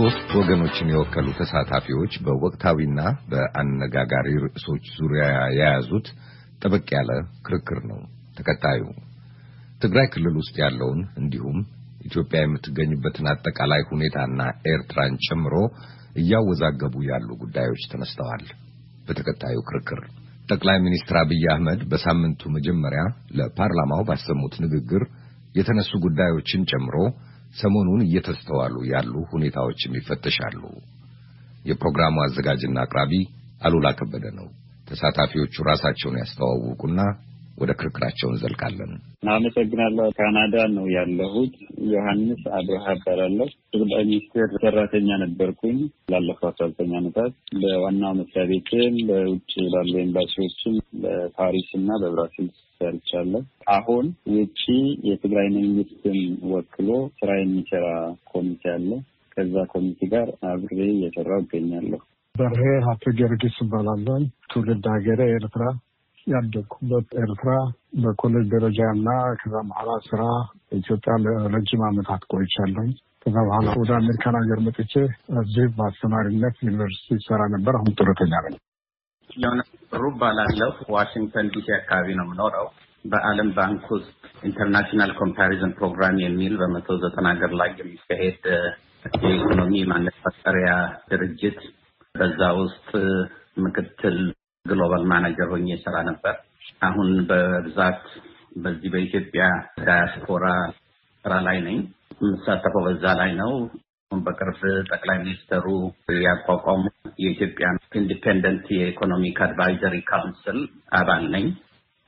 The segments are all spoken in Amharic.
ሶስት ወገኖችን የወከሉ ተሳታፊዎች በወቅታዊና በአነጋጋሪ ርዕሶች ዙሪያ የያዙት ጠበቅ ያለ ክርክር ነው። ተከታዩ ትግራይ ክልል ውስጥ ያለውን እንዲሁም ኢትዮጵያ የምትገኝበትን አጠቃላይ ሁኔታና ኤርትራን ጨምሮ እያወዛገቡ ያሉ ጉዳዮች ተነስተዋል። በተከታዩ ክርክር ጠቅላይ ሚኒስትር አብይ አህመድ በሳምንቱ መጀመሪያ ለፓርላማው ባሰሙት ንግግር የተነሱ ጉዳዮችን ጨምሮ ሰሞኑን እየተስተዋሉ ያሉ ሁኔታዎችም ይፈተሻሉ። የፕሮግራሙ አዘጋጅና አቅራቢ አሉላ ከበደ ነው። ተሳታፊዎቹ ራሳቸውን ያስተዋውቁና ወደ ክርክራቸው እንዘልቃለን። አመሰግናለሁ። ካናዳ ነው ያለሁት። ዮሐንስ አብርሃ እባላለሁ። ጠቅላይ ሚኒስቴር ሰራተኛ ነበርኩኝ ላለፉ አስራ ዘጠኝ ዓመታት በዋናው መስሪያ ቤትም በውጭ ላሉ ኤምባሲዎችም በፓሪስ እና በብራሲል ሰርቻለሁ። አሁን ውጭ የትግራይ መንግስትን ወክሎ ስራ የሚሰራ ኮሚቴ አለ። ከዛ ኮሚቴ ጋር አብሬ እየሰራሁ እገኛለሁ። በርሄ ሀብተ ጊዮርጊስ እባላለሁ። ትውልድ ሀገሬ ኤርትራ ያደግኩበት ኤርትራ በኮሌጅ ደረጃ እና ከዛ በኋላ ስራ ኢትዮጵያ ለረጅም ዓመታት ቆይቻለሁኝ። ከዛ በኋላ ወደ አሜሪካን ሀገር መጥቼ እዚህ በአስተማሪነት ዩኒቨርሲቲ ሰራ ነበር። አሁን ጡረተኛ ነኝ። ዮና ሩብ ባላለው ዋሽንግተን ዲሲ አካባቢ ነው የምኖረው። በዓለም ባንክ ውስጥ ኢንተርናሽናል ኮምፓሪዝን ፕሮግራም የሚል በመቶ ዘጠና ሀገር ላይ የሚካሄድ የኢኮኖሚ ማነጻጸሪያ ድርጅት በዛ ውስጥ ምክትል ግሎባል ማናጀር ሆኜ የሰራ ነበር። አሁን በብዛት በዚህ በኢትዮጵያ ዳያስፖራ ስራ ላይ ነኝ። የምሳተፈው በዛ ላይ ነው። በቅርብ ጠቅላይ ሚኒስትሩ ያቋቋሙ የኢትዮጵያ ኢንዲፔንደንት የኢኮኖሚክ አድቫይዘሪ ካውንስል አባል ነኝ።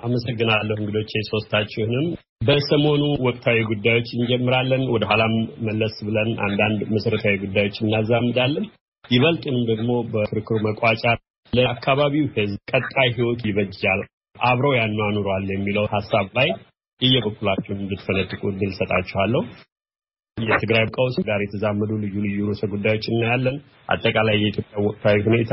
አመሰግናለሁ እንግዶቼ ሶስታችሁንም። በሰሞኑ ወቅታዊ ጉዳዮች እንጀምራለን። ወደኋላም መለስ ብለን አንዳንድ መሰረታዊ ጉዳዮች እናዛምዳለን። ይበልጥንም ደግሞ በክርክሩ መቋጫ ለአካባቢው ህዝብ ቀጣይ ህይወት ይበጃል አብረው ያኗኑሯል የሚለው ሀሳብ ላይ እየበኩላችሁን እንድትፈነጥቁ እድል ሰጣችኋለሁ። የትግራይ ቀውስ ጋር የተዛመዱ ልዩ ልዩ ርዕሰ ጉዳዮች እናያለን። አጠቃላይ የኢትዮጵያ ወቅታዊ ሁኔታ፣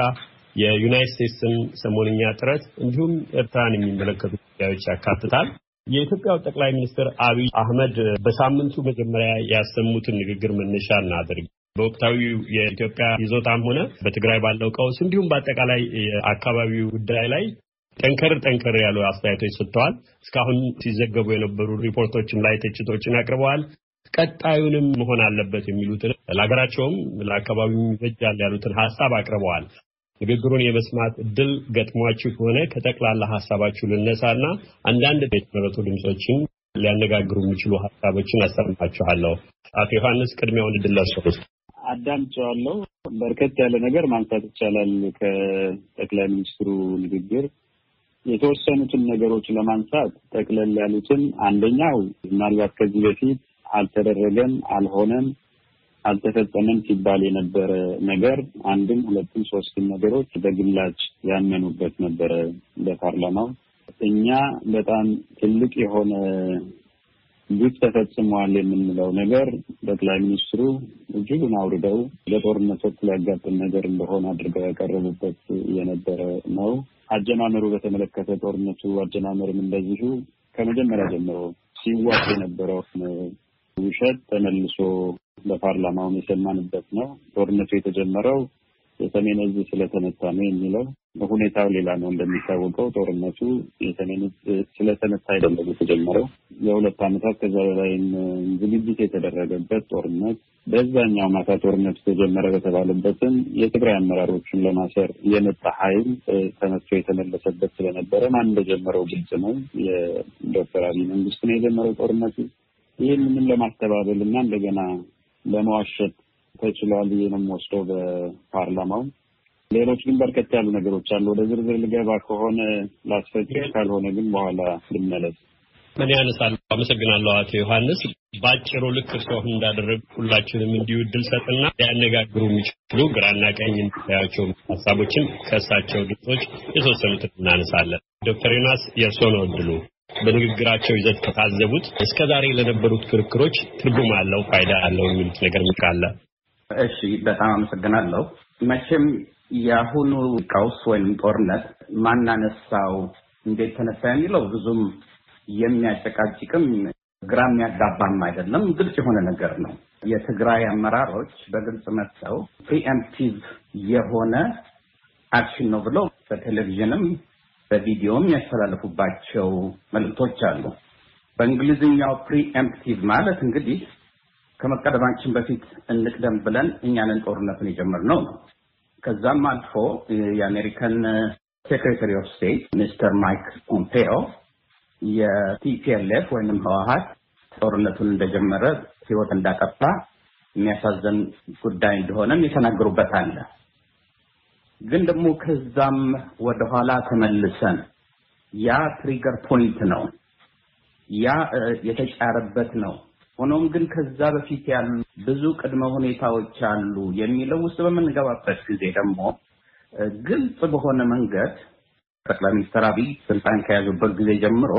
የዩናይት ስቴትስን ሰሞንኛ ጥረት እንዲሁም ኤርትራን የሚመለከቱ ጉዳዮች ያካትታል። የኢትዮጵያው ጠቅላይ ሚኒስትር አብይ አህመድ በሳምንቱ መጀመሪያ ያሰሙትን ንግግር መነሻ እናደርግ። በወቅታዊ የኢትዮጵያ ይዞታም ሆነ በትግራይ ባለው ቀውስ እንዲሁም በአጠቃላይ የአካባቢው ጉዳይ ላይ ጠንከር ጠንከር ያሉ አስተያየቶች ሰጥተዋል። እስካሁን ሲዘገቡ የነበሩ ሪፖርቶችም ላይ ትችቶችን አቅርበዋል። ቀጣዩንም መሆን አለበት የሚሉትን ለሀገራቸውም ለአካባቢው ይበጃል ያሉትን ሀሳብ አቅርበዋል። ንግግሩን የመስማት እድል ገጥሟችሁ ከሆነ ከጠቅላላ ሀሳባችሁ ልነሳና አንዳንድ የተመረጡ ድምፆችን ሊያነጋግሩ የሚችሉ ሀሳቦችን አሰማችኋለሁ። አቶ ዮሐንስ ቅድሚያውን እድል ለእርስዎ። አዳምጨዋለሁ። በርከት ያለ ነገር ማንሳት ይቻላል። ከጠቅላይ ሚኒስትሩ ንግግር የተወሰኑትን ነገሮች ለማንሳት ጠቅለል ያሉትን፣ አንደኛው ምናልባት ከዚህ በፊት አልተደረገም፣ አልሆነም፣ አልተፈጸመም ሲባል የነበረ ነገር አንድም ሁለትም ሶስትም ነገሮች በግላጭ ያመኑበት ነበረ በፓርላማው። እኛ በጣም ትልቅ የሆነ ግፍ ተፈጽመዋል የምንለው ነገር ጠቅላይ ሚኒስትሩ እጅጉን አውርደው ለጦርነት ወቅት ሊያጋጥም ነገር እንደሆነ አድርገው ያቀረቡበት የነበረ ነው። አጀማመሩ በተመለከተ ጦርነቱ አጀማመርም እንደዚሁ ከመጀመሪያ ጀምሮ ሲዋጥ የነበረው ውሸት ተመልሶ በፓርላማውን የሰማንበት ነው። ጦርነቱ የተጀመረው የሰሜን እዝ ስለተመታ ነው የሚለው ሁኔታው ሌላ ነው። እንደሚታወቀው ጦርነቱ የሰሜን ስለተነሳ አይደለም የተጀመረው የሁለት ዓመታት ከዛ በላይም ዝግጅት የተደረገበት ጦርነት በዛኛው ማታ ጦርነቱ ተጀመረ በተባለበትም የትግራይ አመራሮችን ለማሰር የመጣ ኃይል ተነስቶ የተመለሰበት ስለነበረ ማን እንደጀመረው ግልጽ ነው። የዶክተር አብይ መንግስት ነው የጀመረው ጦርነቱ። ምን ለማስተባበል እና እንደገና ለመዋሸት ተችሏል ብዬ ነው የምወስደው በፓርላማው ሌሎች ግን በርከት ያሉ ነገሮች አሉ። ወደ ዝርዝር ልገባ ከሆነ ላስፈጭ፣ ካልሆነ ግን በኋላ ልመለስ። ምን ያነሳሉ? አመሰግናለሁ አቶ ዮሐንስ። በአጭሩ ልክ እርስዎ እንዳደረጉ ሁላችንም እንዲሁ እድል ሰጥና ሊያነጋግሩ የሚችሉ ግራና ቀኝ የሚታያቸው ሀሳቦችን ከእሳቸው ድምጾች የተወሰኑትን እናነሳለን። ዶክተር ዮናስ የእርስዎ ነው እድሉ። በንግግራቸው ይዘት ከታዘቡት እስከ ዛሬ ለነበሩት ክርክሮች ትርጉም አለው ፋይዳ አለው የሚሉት ነገር ምቃለ? እሺ፣ በጣም አመሰግናለሁ። መቼም የአሁኑ ቀውስ ወይም ጦርነት ማናነሳው እንዴት ተነሳ የሚለው ብዙም የሚያጨቃጭቅም ግራ የሚያጋባም አይደለም። ግልጽ የሆነ ነገር ነው። የትግራይ አመራሮች በግልጽ መጥተው ፕሪኤምፕቲቭ የሆነ አክሽን ነው ብለው በቴሌቪዥንም በቪዲዮም ያስተላልፉባቸው መልእክቶች አሉ። በእንግሊዝኛው ፕሪኤምፕቲቭ ማለት እንግዲህ ከመቀደማችን በፊት እንቅደም ብለን እኛንን ጦርነቱን የጀመርነው ነው። ከዛም አልፎ የአሜሪካን ሴክሬታሪ ኦፍ ስቴት ሚስተር ማይክ ፖምፔዮ የቲፒኤልኤፍ ወይም ህወሀት ጦርነቱን እንደጀመረ ህይወት እንዳጠፋ የሚያሳዘን ጉዳይ እንደሆነም የተናገሩበት አለ። ግን ደግሞ ከዛም ወደኋላ ተመልሰን ያ ትሪገር ፖይንት ነው፣ ያ የተጫረበት ነው ሆኖም ግን ከዛ በፊት ያሉ ብዙ ቅድመ ሁኔታዎች አሉ የሚለው ውስጥ በምንገባበት ጊዜ ደግሞ ግልጽ በሆነ መንገድ ጠቅላይ ሚኒስትር አብይ ስልጣን ከያዙበት ጊዜ ጀምሮ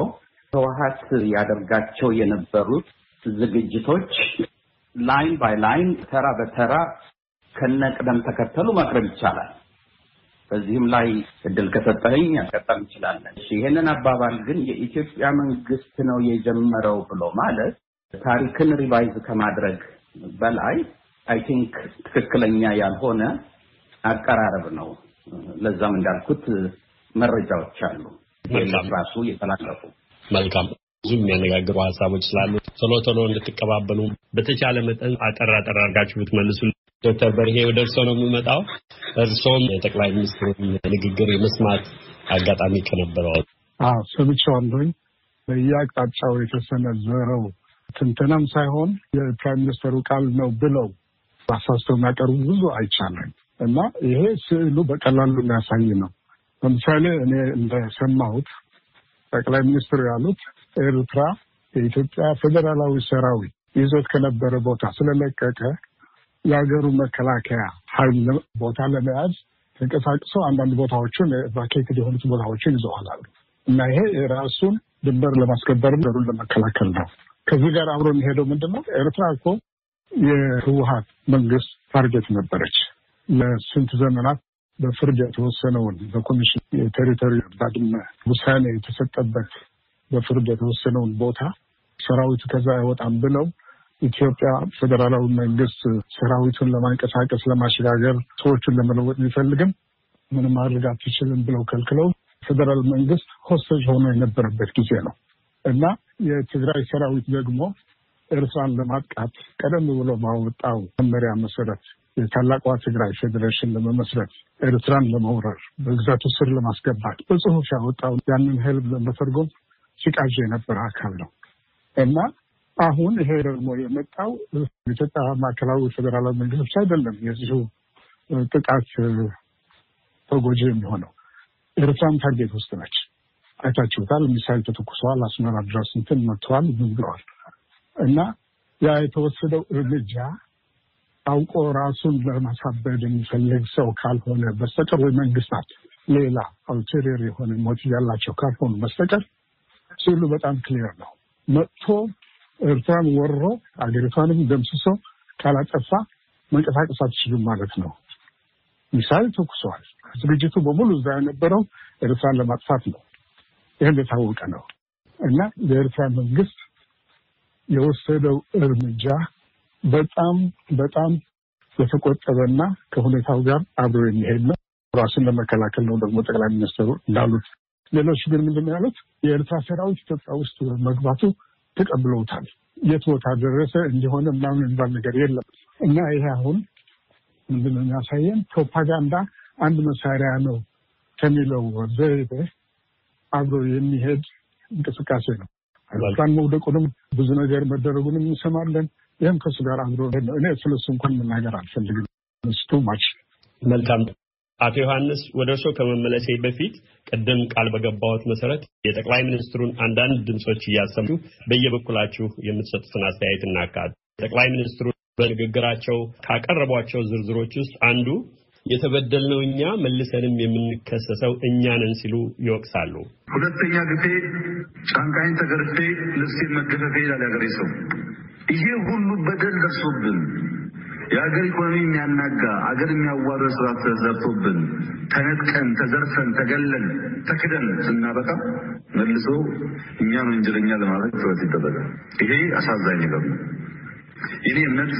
ህወሀት ያደርጋቸው የነበሩት ዝግጅቶች ላይን ባይ ላይን ተራ በተራ ከነቅደም ተከተሉ ማቅረብ ይቻላል። በዚህም ላይ እድል ከሰጠኝ ያስቀጣም እንችላለን። ይሄንን አባባል ግን የኢትዮጵያ መንግስት ነው የጀመረው ብሎ ማለት ታሪክን ሪቫይዝ ከማድረግ በላይ አይ ቲንክ ትክክለኛ ያልሆነ አቀራረብ ነው። ለዛም እንዳልኩት መረጃዎች አሉ ራሱ የተላለፉ መልካም ብዙ የሚያነጋግሩ ሀሳቦች ስላሉ ቶሎ ቶሎ እንድትቀባበሉ በተቻለ መጠን አጠር አጠር አድርጋችሁ ብትመልሱ። ዶክተር በርሄ ወደ ነው የምመጣው። እርሶም የጠቅላይ ሚኒስትሩን ንግግር የመስማት አጋጣሚ ከነበረዋል? አዎ ሰምቼዋለሁኝ። በየአቅጣጫው የተሰነዘረው ትንተናም ሳይሆን የፕራይም ሚኒስተሩ ቃል ነው ብለው አሳስተው የሚያቀርቡ ብዙ አይቻለኝ እና ይሄ ስዕሉ በቀላሉ የሚያሳይ ነው። ለምሳሌ እኔ እንደሰማሁት ጠቅላይ ሚኒስትሩ ያሉት ኤርትራ የኢትዮጵያ ፌዴራላዊ ሰራዊት ይዞት ከነበረ ቦታ ስለለቀቀ የሀገሩ መከላከያ ኃይል ቦታ ለመያዝ ተንቀሳቅሰው አንዳንድ ቦታዎችን ቫኬትድ የሆኑት ቦታዎችን ይዘዋል አሉ እና ይሄ ራሱን ድንበር ለማስከበር ሩን ለመከላከል ነው። ከዚህ ጋር አብሮ የሚሄደው ምንድን ነው? ኤርትራ እኮ የህወሀት መንግስት ታርጌት ነበረች። ለስንት ዘመናት በፍርድ የተወሰነውን በኮሚሽን የቴሪቶሪ ባድመ ውሳኔ የተሰጠበት በፍርድ የተወሰነውን ቦታ ሰራዊቱ ከዛ አይወጣም ብለው ኢትዮጵያ ፌዴራላዊ መንግስት ሰራዊቱን ለማንቀሳቀስ ለማሸጋገር፣ ሰዎቹን ለመለወጥ ቢፈልግም ምንም ማድረግ አትችልም ብለው ከልክለው ፌዴራል መንግስት ሆስተጅ ሆኖ የነበረበት ጊዜ ነው። እና የትግራይ ሰራዊት ደግሞ ኤርትራን ለማጥቃት ቀደም ብሎ ባወጣው መመሪያ መሰረት የታላቋ ትግራይ ፌዴሬሽን ለመመስረት ኤርትራን ለመውረር በግዛቱ ስር ለማስገባት በጽሁፍ ያወጣው ያንን ህልም ለመተርጎም ሲቃዥ የነበረ አካል ነው እና አሁን ይሄ ደግሞ የመጣው የኢትዮጵያ ማዕከላዊ ፌዴራላዊ መንግስት አይደለም። የዚሁ ጥቃት ተጎጂ የሚሆነው ኤርትራን ታርጌት ውስጥ ነች። አይታችሁታል። ሚሳይል ተተኩሰዋል። አስመራ ድረስ እንትን መጥተዋል፣ ብለዋል እና ያ የተወሰደው እርምጃ አውቆ ራሱን ለማሳበድ የሚፈልግ ሰው ካልሆነ በስተቀር ወይ መንግስታት ሌላ አልቴሪየር የሆነ ሞት ያላቸው ካልሆኑ በስተቀር ሲሉ በጣም ክሊየር ነው። መጥቶ ኤርትራን ወሮ አገሪቷንም ደምስሶ ካላጠፋ መንቀሳቀስ አትችሉም ማለት ነው። ሚሳይል ተኩሰዋል። ዝግጅቱ በሙሉ እዛ የነበረው ኤርትራን ለማጥፋት ነው። ይህ እንደታወቀ ነው እና የኤርትራ መንግስት የወሰደው እርምጃ በጣም በጣም የተቆጠበና ከሁኔታው ጋር አብሮ የሚሄድ ነው። ራሱን ለመከላከል ነው ደግሞ ጠቅላይ ሚኒስትሩ እንዳሉት። ሌሎች ግን ምንድን ያሉት? የኤርትራ ሰራዊት ኢትዮጵያ ውስጥ መግባቱ ተቀብለውታል። የት ቦታ ደረሰ እንዲሆነ ምናምን የሚባል ነገር የለም እና ይሄ አሁን ምንድነው የሚያሳየን ፕሮፓጋንዳ አንድ መሳሪያ ነው ከሚለው ዘይቤ አብሮ የሚሄድ እንቅስቃሴ ነው። አውሮፕላን መውደቁንም ብዙ ነገር መደረጉንም እንሰማለን። ይህም ከእሱ ጋር አብሮ እኔ ስለሱ እንኳን መናገር አልፈልግም። ስቱ ማች መልካም። አቶ ዮሐንስ ወደ እርስዎ ከመመለሴ በፊት ቅድም ቃል በገባሁት መሰረት የጠቅላይ ሚኒስትሩን አንዳንድ ድምፆች እያሰሙ በየበኩላችሁ የምትሰጡትን አስተያየት እናካል። ጠቅላይ ሚኒስትሩ በንግግራቸው ካቀረቧቸው ዝርዝሮች ውስጥ አንዱ የተበደልነው እኛ መልሰንም የምንከሰሰው እኛ ነን ሲሉ ይወቅሳሉ። ሁለተኛ ጊዜ ጫንቃይን ተገርፌ ልብሴ መገፈፌ ይላል ያገሬ ሰው። ይሄ ሁሉ በደል ደርሶብን የሀገር ኢኮኖሚ የሚያናጋ አገር የሚያዋርድ ስራ ተዘርቶብን ተነጥቀን ተዘርፈን ተገለን ተክደን ስናበቃ መልሶ እኛን ወንጀለኛ ለማድረግ ጥረት ይደረጋል። ይሄ አሳዛኝ ነገር ነው። እምነት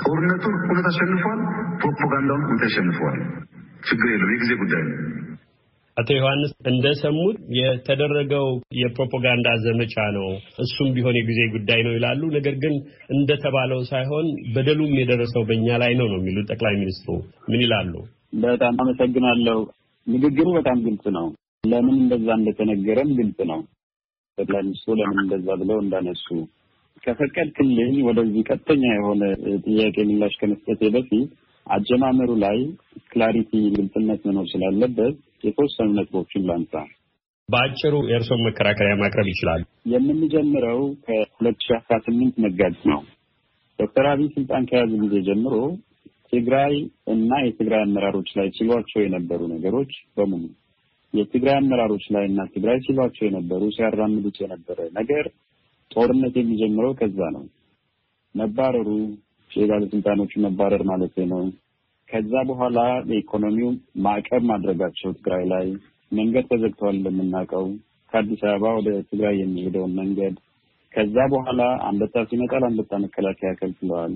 ጦርነቱን እውነት አሸንፏል፣ ፕሮፓጋንዳውን እውነት ያሸንፈዋል። ችግር የለም፣ የጊዜ ጉዳይ ነው። አቶ ዮሐንስ እንደሰሙት የተደረገው የፕሮፓጋንዳ ዘመቻ ነው። እሱም ቢሆን የጊዜ ጉዳይ ነው ይላሉ። ነገር ግን እንደተባለው ሳይሆን በደሉም የደረሰው በእኛ ላይ ነው ነው የሚሉ ጠቅላይ ሚኒስትሩ ምን ይላሉ? በጣም አመሰግናለሁ። ንግግሩ በጣም ግልጽ ነው። ለምን እንደዛ እንደተነገረም ግልጽ ነው። ጠቅላይ ሚኒስትሩ ለምን እንደዛ ብለው እንዳነሱ ከፈቀድክልኝ ወደዚህ ቀጥተኛ የሆነ ጥያቄ ምላሽ ከመስጠቴ በፊት አጀማመሩ ላይ ክላሪቲ ግልጽነት መኖር ስላለበት የተወሰኑ ነጥቦችን ላንሳ። በአጭሩ የእርስዎን መከራከሪያ ማቅረብ ይችላል የምንጀምረው ከሁለት ሺ አስራ ስምንት መጋቢት ነው። ዶክተር አብይ ስልጣን ከያዙ ጊዜ ጀምሮ ትግራይ እና የትግራይ አመራሮች ላይ ሲሏቸው የነበሩ ነገሮች በሙሉ የትግራይ አመራሮች ላይ እና ትግራይ ሲሏቸው የነበሩ ሲያራምዱት የነበረ ነገር ጦርነት የሚጀምረው ከዛ ነው። መባረሩ የባለስልጣኖቹ መባረር ማለት ነው። ከዛ በኋላ በኢኮኖሚው ማዕቀብ ማድረጋቸው ትግራይ ላይ መንገድ ተዘግተዋል እንደምናውቀው ከአዲስ አበባ ወደ ትግራይ የሚሄደውን መንገድ። ከዛ በኋላ አንበጣ ሲመጣል አንበጣ መከላከያ ከልክለዋል።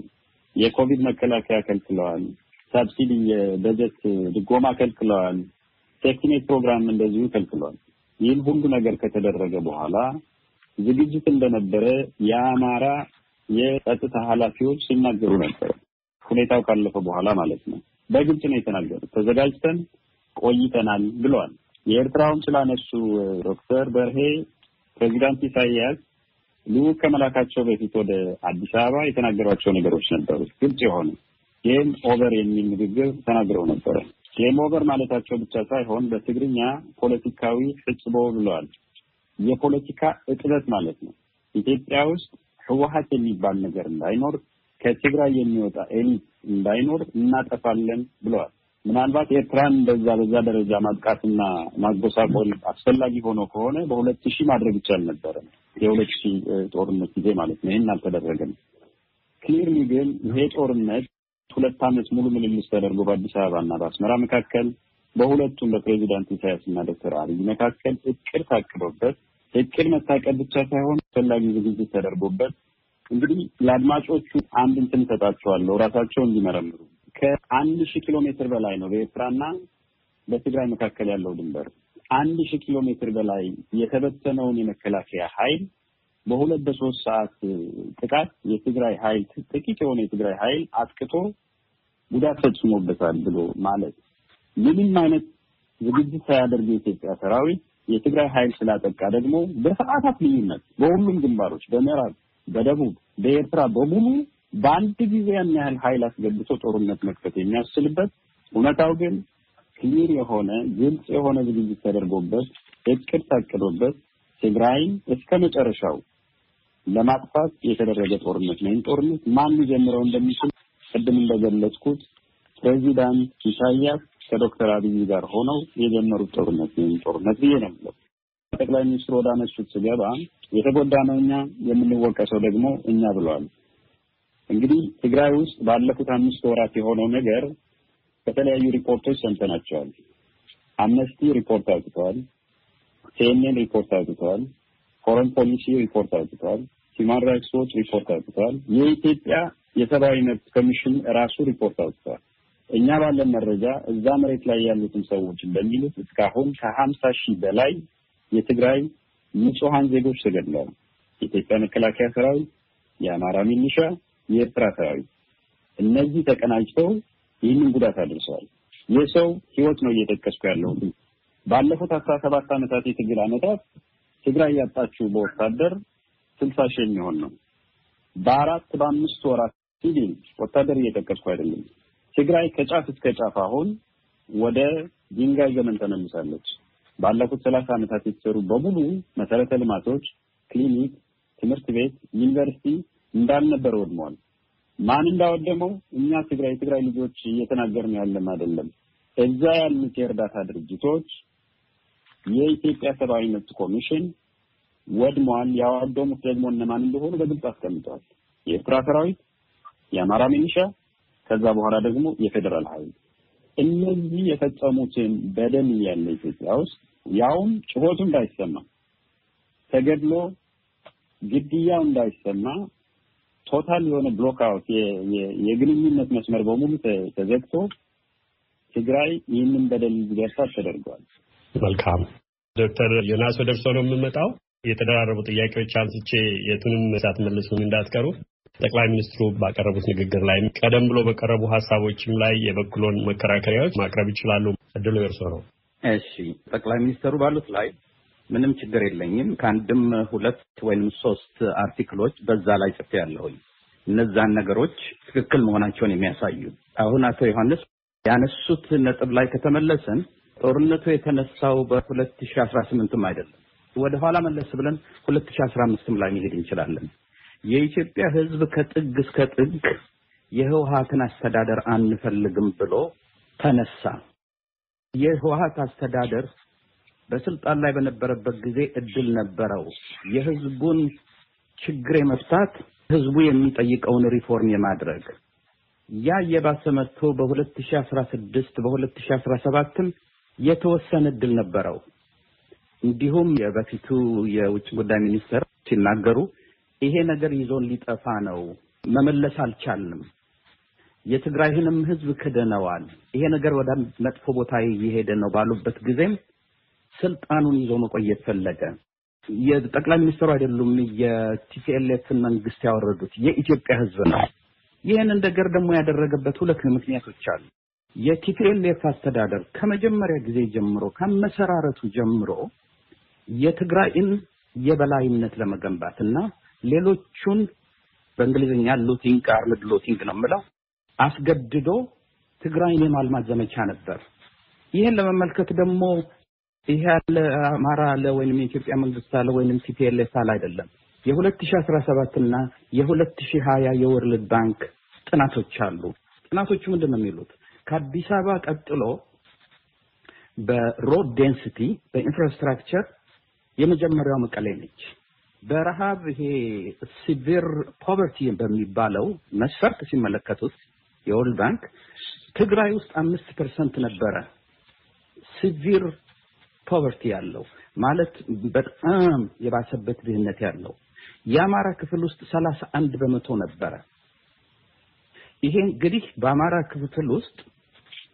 የኮቪድ መከላከያ ከልክለዋል። ሰብሲዲ የበጀት ድጎማ ከልክለዋል። ሴፍቲኔት ፕሮግራም እንደዚሁ ከልክለዋል። ይህን ሁሉ ነገር ከተደረገ በኋላ ዝግጅት እንደነበረ የአማራ የጸጥታ ኃላፊዎች ሲናገሩ ነበር። ሁኔታው ካለፈ በኋላ ማለት ነው። በግልጽ ነው የተናገሩት። ተዘጋጅተን ቆይተናል ብለዋል። የኤርትራውን ስላነሱ ዶክተር በርሄ ፕሬዚዳንት ኢሳያስ ልዑክ ከመላካቸው በፊት ወደ አዲስ አበባ የተናገሯቸው ነገሮች ነበሩ። ግልጽ የሆኑ ጌም ኦቨር የሚል ንግግር ተናግረው ነበረ። ጌም ኦቨር ማለታቸው ብቻ ሳይሆን በትግርኛ ፖለቲካዊ ፍጽቦ ብለዋል። የፖለቲካ እጥበት ማለት ነው። ኢትዮጵያ ውስጥ ህወሀት የሚባል ነገር እንዳይኖር ከትግራይ የሚወጣ ኤሊት እንዳይኖር እናጠፋለን ብለዋል። ምናልባት ኤርትራን በዛ በዛ ደረጃ ማጥቃትና ማጎሳቆል አስፈላጊ ሆኖ ከሆነ በሁለት ሺህ ማድረግ ይቻል ነበረ። የሁለት ሺህ ጦርነት ጊዜ ማለት ነው። ይህን አልተደረገም። ክሊርሊ ግን ይሄ ጦርነት ሁለት ዓመት ሙሉ ምልልስ ተደርጎ በአዲስ አበባና በአስመራ መካከል በሁለቱም በፕሬዚዳንት ኢሳያስ እና ዶክተር አብይ መካከል እቅድ ታቅዶበት እቅድ መታቀድ ብቻ ሳይሆን አስፈላጊ ዝግጅት ተደርጎበት እንግዲህ ለአድማጮቹ አንድ እንትን እሰጣቸዋለሁ ራሳቸው እንዲመረምሩ ከአንድ ሺህ ኪሎ ሜትር በላይ ነው በኤርትራና በትግራይ መካከል ያለው ድንበር አንድ ሺህ ኪሎ ሜትር በላይ የተበተነውን የመከላከያ ኃይል በሁለት በሶስት ሰዓት ጥቃት የትግራይ ኃይል ጥቂት የሆነ የትግራይ ኃይል አጥቅቶ ጉዳት ፈጽሞበታል ብሎ ማለት ምንም አይነት ዝግጅት ሳያደርግ የኢትዮጵያ ሰራዊት የትግራይ ኃይል ስላጠቃ ደግሞ በሰዓታት ልዩነት በሁሉም ግንባሮች በምዕራብ፣ በደቡብ፣ በኤርትራ በሙሉ በአንድ ጊዜ ያን ያህል ኃይል አስገብቶ ጦርነት መክፈት የሚያስችልበት እውነታው ግን ክሊር የሆነ ግልጽ የሆነ ዝግጅት ተደርጎበት እቅድ ታቅዶበት ትግራይን እስከ መጨረሻው ለማጥፋት የተደረገ ጦርነት ነው። ጦርነት ማን ሊጀምረው እንደሚችል ቅድም እንደገለጽኩት ፕሬዚዳንት ኢሳያስ ከዶክተር አብይ ጋር ሆነው የጀመሩት ጦርነት ወይም ጦርነት ብዬ ነው የምለው። ጠቅላይ ሚኒስትሩ ወዳነሱት ስገባ የተጎዳ ነው እኛ የምንወቀሰው ደግሞ እኛ ብለዋል። እንግዲህ ትግራይ ውስጥ ባለፉት አምስት ወራት የሆነው ነገር ከተለያዩ ሪፖርቶች ሰምተናቸዋል። አምነስቲ ሪፖርት አውጥተዋል። ሲኤንኤን ሪፖርት አውጥተዋል። ፎረን ፖሊሲ ሪፖርት አውጥተዋል። ሂማን ራይትስ ዎች ሪፖርት አውጥተዋል። የኢትዮጵያ የሰብአዊ መብት ኮሚሽን ራሱ ሪፖርት አውጥተዋል። እኛ ባለን መረጃ እዛ መሬት ላይ ያሉትን ሰዎች እንደሚሉት እስካሁን ከሀምሳ ሺህ በላይ የትግራይ ንጹሐን ዜጎች ተገድለዋል። የኢትዮጵያ መከላከያ ሰራዊት፣ የአማራ ሚሊሻ፣ የኤርትራ ሰራዊት እነዚህ ተቀናጅተው ይህንን ጉዳት አድርሰዋል። የሰው ህይወት ነው እየጠቀስኩ ያለሁት። ባለፉት አስራ ሰባት ዓመታት የትግል ዓመታት ትግራይ ያጣችው በወታደር ስልሳ ሺህ የሚሆን ነው። በአራት በአምስት ወራት ሲቪል ወታደር እየጠቀስኩ አይደለም ትግራይ ከጫፍ እስከ ጫፍ አሁን ወደ ድንጋይ ዘመን ተመልሳለች። ባለፉት ሰላሳ ዓመታት የተሰሩ በሙሉ መሰረተ ልማቶች፣ ክሊኒክ፣ ትምህርት ቤት፣ ዩኒቨርሲቲ እንዳልነበር ወድመዋል። ማን እንዳወደመው እኛ ትግራይ የትግራይ ልጆች እየተናገርን ያለም አይደለም። እዛ ያሉት የእርዳታ ድርጅቶች፣ የኢትዮጵያ ሰብአዊ መብት ኮሚሽን ወድመዋል። ያወደሙት ደግሞ እነማን እንደሆኑ በግልጽ አስቀምጠዋል። የኤርትራ ሰራዊት፣ የአማራ ሚኒሻ፣ ከዛ በኋላ ደግሞ የፌዴራል ኃይል እነዚህ የፈጸሙትን በደል ያለ ኢትዮጵያ ውስጥ ያውም ጩኸቱ እንዳይሰማ ተገድሎ ግድያው እንዳይሰማ ቶታል የሆነ ብሎክ አውት የግንኙነት መስመር በሙሉ ተዘግቶ ትግራይ ይህንን በደል እንዲደርሳት ተደርጓል። መልካም ዶክተር ዮናስ ወደ እርስዎ ነው የምመጣው። የተደራረቡ ጥያቄዎች አንስቼ የቱንም ሳትመልሱ እንዳትቀሩ ጠቅላይ ሚኒስትሩ ባቀረቡት ንግግር ላይ ቀደም ብሎ በቀረቡ ሀሳቦችም ላይ የበኩሎን መከራከሪያዎች ማቅረብ ይችላሉ። እድሉ የእርሶ ነው። እሺ፣ ጠቅላይ ሚኒስትሩ ባሉት ላይ ምንም ችግር የለኝም። ከአንድም ሁለት ወይም ሶስት አርቲክሎች በዛ ላይ ጽፌ ያለሁኝ እነዛን ነገሮች ትክክል መሆናቸውን የሚያሳዩ አሁን አቶ ዮሐንስ ያነሱት ነጥብ ላይ ከተመለስን ጦርነቱ የተነሳው በሁለት ሺ አስራ ስምንትም አይደለም ወደ ኋላ መለስ ብለን ሁለት ሺ አስራ አምስትም ላይ መሄድ እንችላለን። የኢትዮጵያ ሕዝብ ከጥግ እስከ ጥግ የህወሀትን አስተዳደር አንፈልግም ብሎ ተነሳ። የህወሀት አስተዳደር በስልጣን ላይ በነበረበት ጊዜ እድል ነበረው የህዝቡን ችግር የመፍታት ህዝቡ የሚጠይቀውን ሪፎርም የማድረግ ያ የባሰ መጥቶ በ2016 በ2017ም የተወሰነ እድል ነበረው። እንዲሁም የበፊቱ የውጭ ጉዳይ ሚኒስትር ሲናገሩ ይሄ ነገር ይዞን ሊጠፋ ነው፣ መመለስ አልቻልንም፣ የትግራይንም ህዝብ ክደነዋል፣ ይሄ ነገር ወደ መጥፎ ቦታ እየሄደ ነው ባሉበት ጊዜም ስልጣኑን ይዞ መቆየት ፈለገ። የጠቅላይ ሚኒስትሩ አይደሉም የቲፒኤልኤፍን መንግስት ያወረዱት የኢትዮጵያ ህዝብ ነው። ይህን ነገር ደግሞ ያደረገበት ሁለት ምክንያቶች አሉ። የቲፒኤልኤፍ አስተዳደር ከመጀመሪያ ጊዜ ጀምሮ ከመሰራረቱ ጀምሮ የትግራይን የበላይነት ለመገንባት እና ሌሎቹን በእንግሊዝኛ ሉቲንግ አርምድ ሉቲንግ ነው የምለው አስገድዶ ትግራይን የማልማት ዘመቻ ነበር። ይህን ለመመልከት ደግሞ ይሄ ያለ አማራ አለ ወይንም የኢትዮጵያ መንግስት አለ ወይንም ሲፒኤልኤስ አለ አይደለም። የ2017 እና የ2020 የወርልድ ባንክ ጥናቶች አሉ። ጥናቶቹ ምንድን ነው የሚሉት? ከአዲስ አበባ ቀጥሎ በሮድ ዴንሲቲ በኢንፍራስትራክቸር የመጀመሪያው መቀሌ ነች። በረሃብ ይሄ ሲቪር ፖቨርቲ በሚባለው መስፈርት ሲመለከቱት የወርልድ ባንክ ትግራይ ውስጥ አምስት ፐርሰንት ነበረ ሲቪር ፖቨርቲ ያለው ማለት በጣም የባሰበት ድህነት ያለው የአማራ ክፍል ውስጥ ሰላሳ አንድ በመቶ ነበረ። ይሄ እንግዲህ በአማራ ክፍል ውስጥ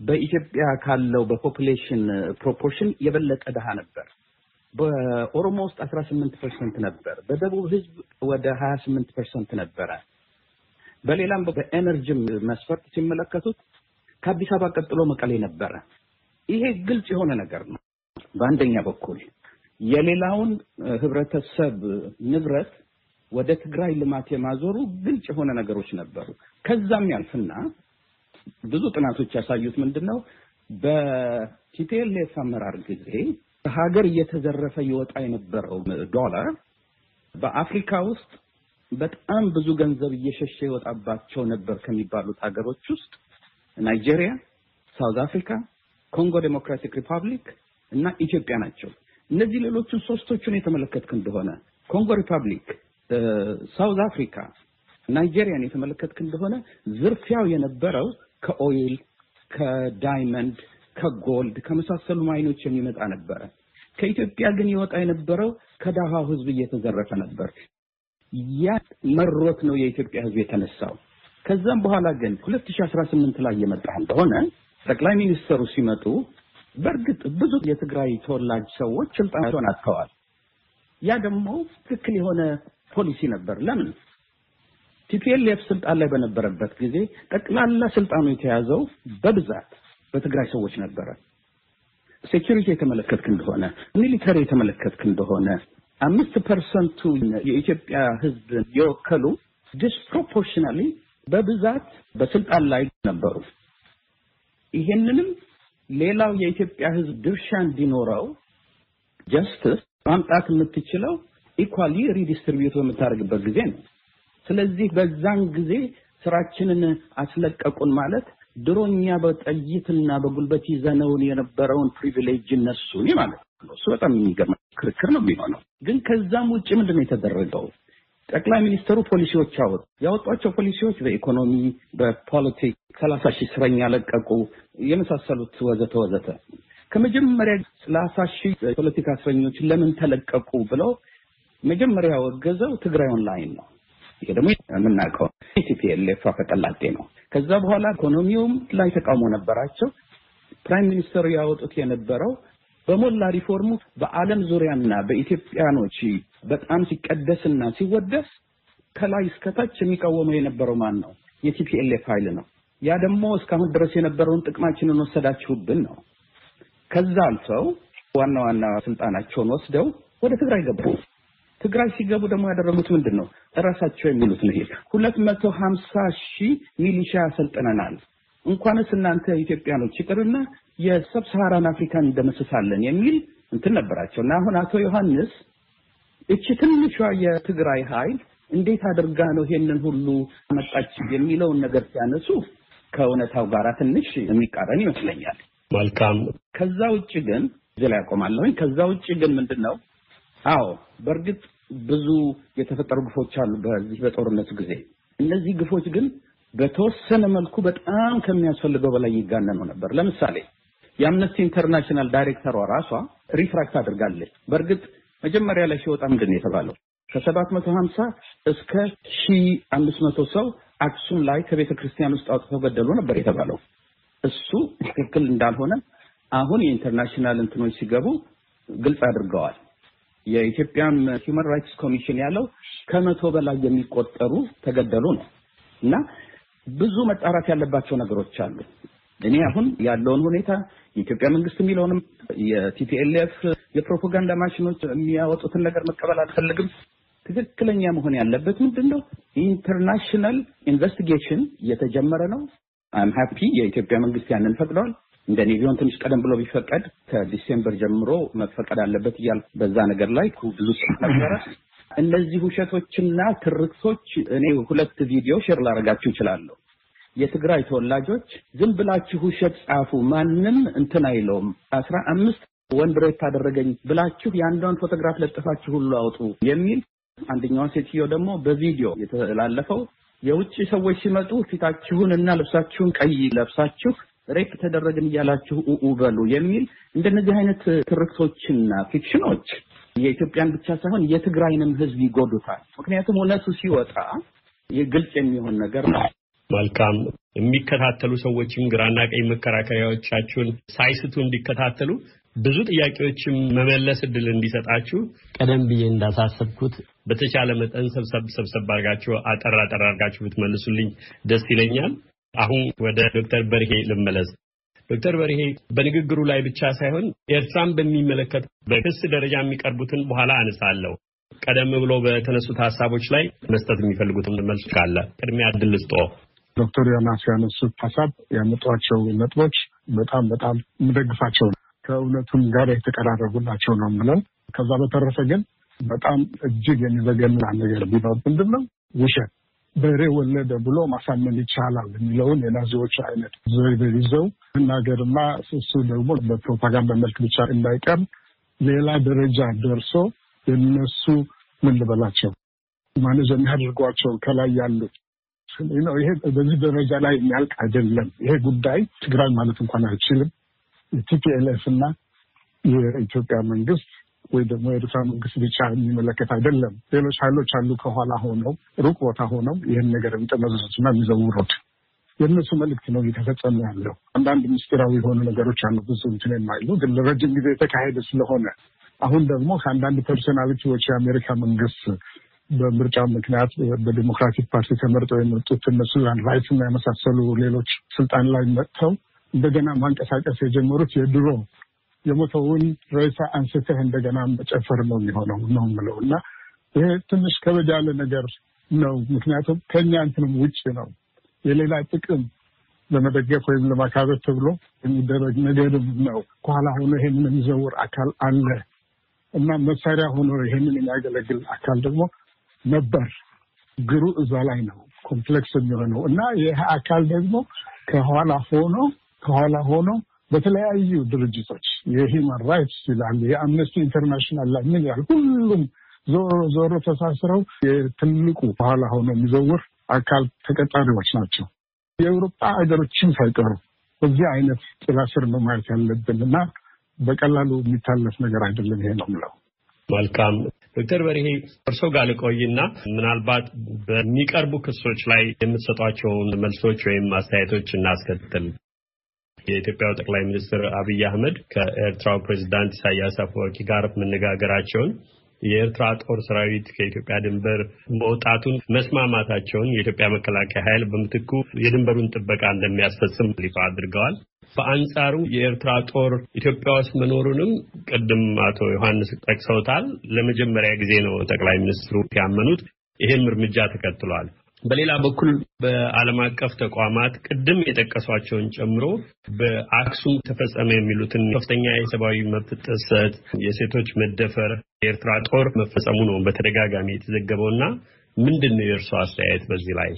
በኢትዮጵያ ካለው በፖፑሌሽን ፕሮፖርሽን የበለጠ ድሃ ነበር። በኦሮሞ ውስጥ አስራ ስምንት ፐርሰንት ነበር። በደቡብ ህዝብ ወደ ሀያ ስምንት ፐርሰንት ነበረ። በሌላም በኤነርጂም መስፈርት ሲመለከቱት ከአዲስ አበባ ቀጥሎ መቀሌ ነበረ። ይሄ ግልጽ የሆነ ነገር ነው። በአንደኛ በኩል የሌላውን ህብረተሰብ ንብረት ወደ ትግራይ ልማት የማዞሩ ግልጽ የሆነ ነገሮች ነበሩ። ከዛም ያልፍና ብዙ ጥናቶች ያሳዩት ምንድን ነው በቲፒኤልኤፍ አመራር ጊዜ ከሀገር እየተዘረፈ ይወጣ የነበረው ዶላር በአፍሪካ ውስጥ በጣም ብዙ ገንዘብ እየሸሸ ይወጣባቸው ነበር ከሚባሉት ሀገሮች ውስጥ ናይጄሪያ፣ ሳውዝ አፍሪካ፣ ኮንጎ ዴሞክራቲክ ሪፐብሊክ እና ኢትዮጵያ ናቸው። እነዚህ ሌሎቹን ሶስቶቹን የተመለከትክ እንደሆነ ኮንጎ ሪፐብሊክ፣ ሳውዝ አፍሪካ፣ ናይጄሪያን የተመለከትክ እንደሆነ ዝርፊያው የነበረው ከኦይል ከዳይመንድ ከጎልድ ከመሳሰሉ ማይኖች የሚመጣ ነበረ። ከኢትዮጵያ ግን ይወጣ የነበረው ከደሃው ህዝብ እየተዘረፈ ነበር። ያ መሮት ነው የኢትዮጵያ ህዝብ የተነሳው። ከዛም በኋላ ግን 2018 ላይ የመጣ እንደሆነ ጠቅላይ ሚኒስትሩ ሲመጡ በእርግጥ ብዙ የትግራይ ተወላጅ ሰዎች ስልጣናቸውን አጥተዋል። ያ ደግሞ ትክክል የሆነ ፖሊሲ ነበር። ለምን ቲፒኤልኤፍ ስልጣን ላይ በነበረበት ጊዜ ጠቅላላ ስልጣኑ የተያዘው በብዛት በትግራይ ሰዎች ነበረ። ሴኪሪቲ የተመለከትክ እንደሆነ ሚሊተሪ የተመለከትክ እንደሆነ አምስት ፐርሰንቱ የኢትዮጵያ ሕዝብ የወከሉ ዲስፕሮፖርሽናሊ በብዛት በስልጣን ላይ ነበሩ። ይሄንንም ሌላው የኢትዮጵያ ሕዝብ ድርሻ እንዲኖረው ጀስትስ ማምጣት የምትችለው ኢኳሊ ሪዲስትሪቢዩት በምታደርግበት ጊዜ ነው። ስለዚህ በዛን ጊዜ ስራችንን አስለቀቁን ማለት ድሮ እኛ በጥይትና በጉልበት ይዘነውን የነበረውን ፕሪቪሌጅ እነሱ ማለት ነው። እሱ በጣም የሚገርም ክርክር ነው የሚሆነው። ግን ከዛም ውጭ ምንድን ነው የተደረገው? ጠቅላይ ሚኒስትሩ ፖሊሲዎች አወጡ። ያወጧቸው ፖሊሲዎች በኢኮኖሚ፣ በፖለቲክ፣ ሰላሳ ሺህ እስረኛ ለቀቁ፣ የመሳሰሉት ወዘተ ወዘተ። ከመጀመሪያ ሰላሳ ሺህ የፖለቲካ እስረኞች ለምን ተለቀቁ ብለው መጀመሪያ ያወገዘው ትግራይ ኦንላይን ነው። ይሄ ደግሞ የምናውቀው ቲፒኤልኤፍ አፈቀላጤ ነው። ከዛ በኋላ ኢኮኖሚውም ላይ ተቃውሞ ነበራቸው። ፕራይም ሚኒስተሩ ያወጡት የነበረው በሞላ ሪፎርሙ በዓለም ዙሪያና በኢትዮጵያኖች በጣም ሲቀደስና ሲወደስ ከላይ እስከታች የሚቃወመው የነበረው ማን ነው? የቲፒኤልኤፍ ኃይል ነው። ያ ደግሞ እስካሁን ድረስ የነበረውን ጥቅማችንን ወሰዳችሁብን ነው። ከዛ አልፈው ዋና ዋና ስልጣናቸውን ወስደው ወደ ትግራይ ገቡ። ትግራይ ሲገቡ ደግሞ ያደረጉት ምንድን ነው? እራሳቸው የሚሉት ነው። ሁለት መቶ ሀምሳ ሺህ ሚሊሻ ያሰልጥነናል እንኳንስ እናንተ ኢትዮጵያ ነው የሰብ ሰሃራን አፍሪካን እንደመስሳለን የሚል እንትን ነበራቸው እና አሁን አቶ ዮሐንስ እቺ ትንሿ የትግራይ ኃይል እንዴት አድርጋ ነው ይሄንን ሁሉ መጣች የሚለውን ነገር ሲያነሱ ከእውነታው ጋር ትንሽ የሚቃረን ይመስለኛል። መልካም። ከዛ ውጭ ግን እዚህ ላይ ያቆማለሁኝ። ከዛ ውጭ ግን ምንድን ነው አዎ፣ በእርግጥ ብዙ የተፈጠሩ ግፎች አሉ በዚህ በጦርነቱ ጊዜ። እነዚህ ግፎች ግን በተወሰነ መልኩ በጣም ከሚያስፈልገው በላይ ይጋነኑ ነበር። ለምሳሌ የአምነስቲ ኢንተርናሽናል ዳይሬክተሯ ራሷ ሪፍራክት አድርጋለች። በእርግጥ መጀመሪያ ላይ ሲወጣ ምንድን ነው የተባለው? ከሰባት መቶ ሀምሳ እስከ ሺ አምስት መቶ ሰው አክሱም ላይ ከቤተ ክርስቲያን ውስጥ አውጥተው ገደሉ ነበር የተባለው። እሱ ትክክል እንዳልሆነ አሁን የኢንተርናሽናል እንትኖች ሲገቡ ግልጽ አድርገዋል። የኢትዮጵያን ሂውማን ራይትስ ኮሚሽን ያለው ከመቶ በላይ የሚቆጠሩ ተገደሉ ነው እና ብዙ መጣራት ያለባቸው ነገሮች አሉ። እኔ አሁን ያለውን ሁኔታ የኢትዮጵያ መንግስት የሚለውንም የቲፒኤልኤፍ የፕሮፓጋንዳ ማሽኖች የሚያወጡትን ነገር መቀበል አልፈልግም። ትክክለኛ መሆን ያለበት ምንድን ነው? ኢንተርናሽናል ኢንቨስቲጌሽን እየተጀመረ ነው። አም ሀፒ የኢትዮጵያ መንግስት ያንን ፈቅደዋል። እንደ ኒቪዮን ትንሽ ቀደም ብሎ ቢፈቀድ ከዲሴምበር ጀምሮ መፈቀድ አለበት እያል በዛ ነገር ላይ ብዙ ነበረ። እነዚህ ውሸቶችና ትርክሶች እኔ ሁለት ቪዲዮ ሼር ላደርጋችሁ እችላለሁ። የትግራይ ተወላጆች ዝም ብላችሁ ውሸት ጻፉ፣ ማንም እንትን አይለውም። አስራ አምስት ወንድ ሬት ታደረገኝ ብላችሁ የአንዷን ፎቶግራፍ ለጥፋችሁ ሁሉ አውጡ የሚል አንደኛዋ ሴትዮ ደግሞ በቪዲዮ የተላለፈው የውጭ ሰዎች ሲመጡ ፊታችሁን እና ልብሳችሁን ቀይ ለብሳችሁ ሬፕ ተደረግን እያላችሁ ኡኡ በሉ የሚል እንደነዚህ አይነት ትርክቶችና ፊክሽኖች የኢትዮጵያን ብቻ ሳይሆን የትግራይንም ህዝብ ይጎዱታል። ምክንያቱም እውነቱ ሲወጣ ግልጽ የሚሆን ነገር ነው። መልካም የሚከታተሉ ሰዎችም ግራና ቀኝ መከራከሪያዎቻችሁን ሳይስቱ እንዲከታተሉ ብዙ ጥያቄዎችም መመለስ እድል እንዲሰጣችሁ ቀደም ብዬ እንዳሳሰብኩት በተቻለ መጠን ሰብሰብ ሰብሰብ አድርጋችሁ አጠር አጠር አድርጋችሁ ብትመልሱልኝ ደስ ይለኛል። አሁን ወደ ዶክተር በርሄ ልመለስ። ዶክተር በርሄ በንግግሩ ላይ ብቻ ሳይሆን ኤርትራን በሚመለከት በክስ ደረጃ የሚቀርቡትን በኋላ አነሳለሁ። ቀደም ብሎ በተነሱት ሀሳቦች ላይ መስጠት የሚፈልጉትን መልስ ካለ ቅድሚያ ዕድል ልስጦ። ዶክተር ዮናስ ያነሱት ሀሳብ ያመጧቸው ነጥቦች በጣም በጣም የምደግፋቸው ነው። ከእውነቱም ጋር የተቀራረቡ ናቸው ነው የምለው። ከዛ በተረፈ ግን በጣም እጅግ የሚዘገንን ነገር ቢኖር ምንድን ነው ውሸት በሬ ወለደ ብሎ ማሳመን ይቻላል የሚለውን የናዚዎች አይነት ዘይበ ይዘው እናገርማ እሱ ደግሞ በፕሮፓጋንዳ መልክ ብቻ እንዳይቀር ሌላ ደረጃ ደርሶ የነሱ ምን ልበላቸው የሚያደርጓቸው ከላይ ያሉት ይሄ በዚህ ደረጃ ላይ የሚያልቅ አይደለም። ይሄ ጉዳይ ትግራይ ማለት እንኳን አይችልም። የቲፒኤልኤፍ እና የኢትዮጵያ መንግስት ወይ ደግሞ የኤርትራ መንግስት ብቻ የሚመለከት አይደለም። ሌሎች ኃይሎች አሉ ከኋላ ሆነው ሩቅ ቦታ ሆነው ይህን ነገር የሚጠመዘዙትና የሚዘውሩት የእነሱ መልእክት ነው እየተፈጸመ ያለው። አንዳንድ ምስጢራዊ የሆኑ ነገሮች አሉ ብዙ እንትን የማይሉ ግን ለረጅም ጊዜ የተካሄደ ስለሆነ አሁን ደግሞ ከአንዳንድ ፐርሶናሊቲዎች የአሜሪካ መንግስት በምርጫ ምክንያት በዲሞክራቲክ ፓርቲ ተመርጠው የመጡት እነሱ ሱዛን እና የመሳሰሉ ሌሎች ስልጣን ላይ መጥተው እንደገና ማንቀሳቀስ የጀመሩት የድሮ የሞተውን ሬሳ አንስተህ እንደገና መጨፈር ነው የሚሆነው ነው የምለው እና ይሄ ትንሽ ከበድ ያለ ነገር ነው። ምክንያቱም ከእኛ እንትንም ውጭ ነው የሌላ ጥቅም ለመደገፍ ወይም ለማካበት ተብሎ የሚደረግ ነገርም ነው። ከኋላ ሆኖ ይሄንን የሚዘውር አካል አለ እና መሳሪያ ሆኖ ይሄንን የሚያገለግል አካል ደግሞ ነበር። ግሩ እዛ ላይ ነው ኮምፕሌክስ የሚሆነው እና ይህ አካል ደግሞ ከኋላ ሆኖ ከኋላ ሆኖ በተለያዩ ድርጅቶች የሂውማን ራይትስ ይላሉ፣ የአምነስቲ ኢንተርናሽናል ላይ ምን ይላል፣ ሁሉም ዞሮ ዞሮ ተሳስረው የትልቁ በኋላ ሆኖ የሚዘውር አካል ተቀጣሪዎች ናቸው። የአውሮፓ ሀገሮችም ሳይቀሩ በዚህ አይነት ጥላ ስር ነው ማየት ያለብን እና በቀላሉ የሚታለፍ ነገር አይደለም። ይሄ ነው የምለው። መልካም ዶክተር በርሄ እርሶ ጋር ልቆይና ምናልባት በሚቀርቡ ክሶች ላይ የምትሰጧቸውን መልሶች ወይም አስተያየቶች እናስከትል። የኢትዮጵያው ጠቅላይ ሚኒስትር አብይ አህመድ ከኤርትራው ፕሬዚዳንት ኢሳያስ አፈወርቂ ጋር መነጋገራቸውን የኤርትራ ጦር ሰራዊት ከኢትዮጵያ ድንበር መውጣቱን መስማማታቸውን የኢትዮጵያ መከላከያ ኃይል በምትኩ የድንበሩን ጥበቃ እንደሚያስፈጽም ይፋ አድርገዋል። በአንጻሩ የኤርትራ ጦር ኢትዮጵያ ውስጥ መኖሩንም ቅድም አቶ ዮሐንስ ጠቅሰውታል። ለመጀመሪያ ጊዜ ነው ጠቅላይ ሚኒስትሩ ያመኑት። ይህም እርምጃ ተከትሏል። በሌላ በኩል በዓለም አቀፍ ተቋማት ቅድም የጠቀሷቸውን ጨምሮ በአክሱም ተፈጸመ የሚሉትን ከፍተኛ የሰብአዊ መብት ጥሰት፣ የሴቶች መደፈር የኤርትራ ጦር መፈጸሙ ነው በተደጋጋሚ የተዘገበው እና ምንድን ነው የእርሶ አስተያየት በዚህ ላይ?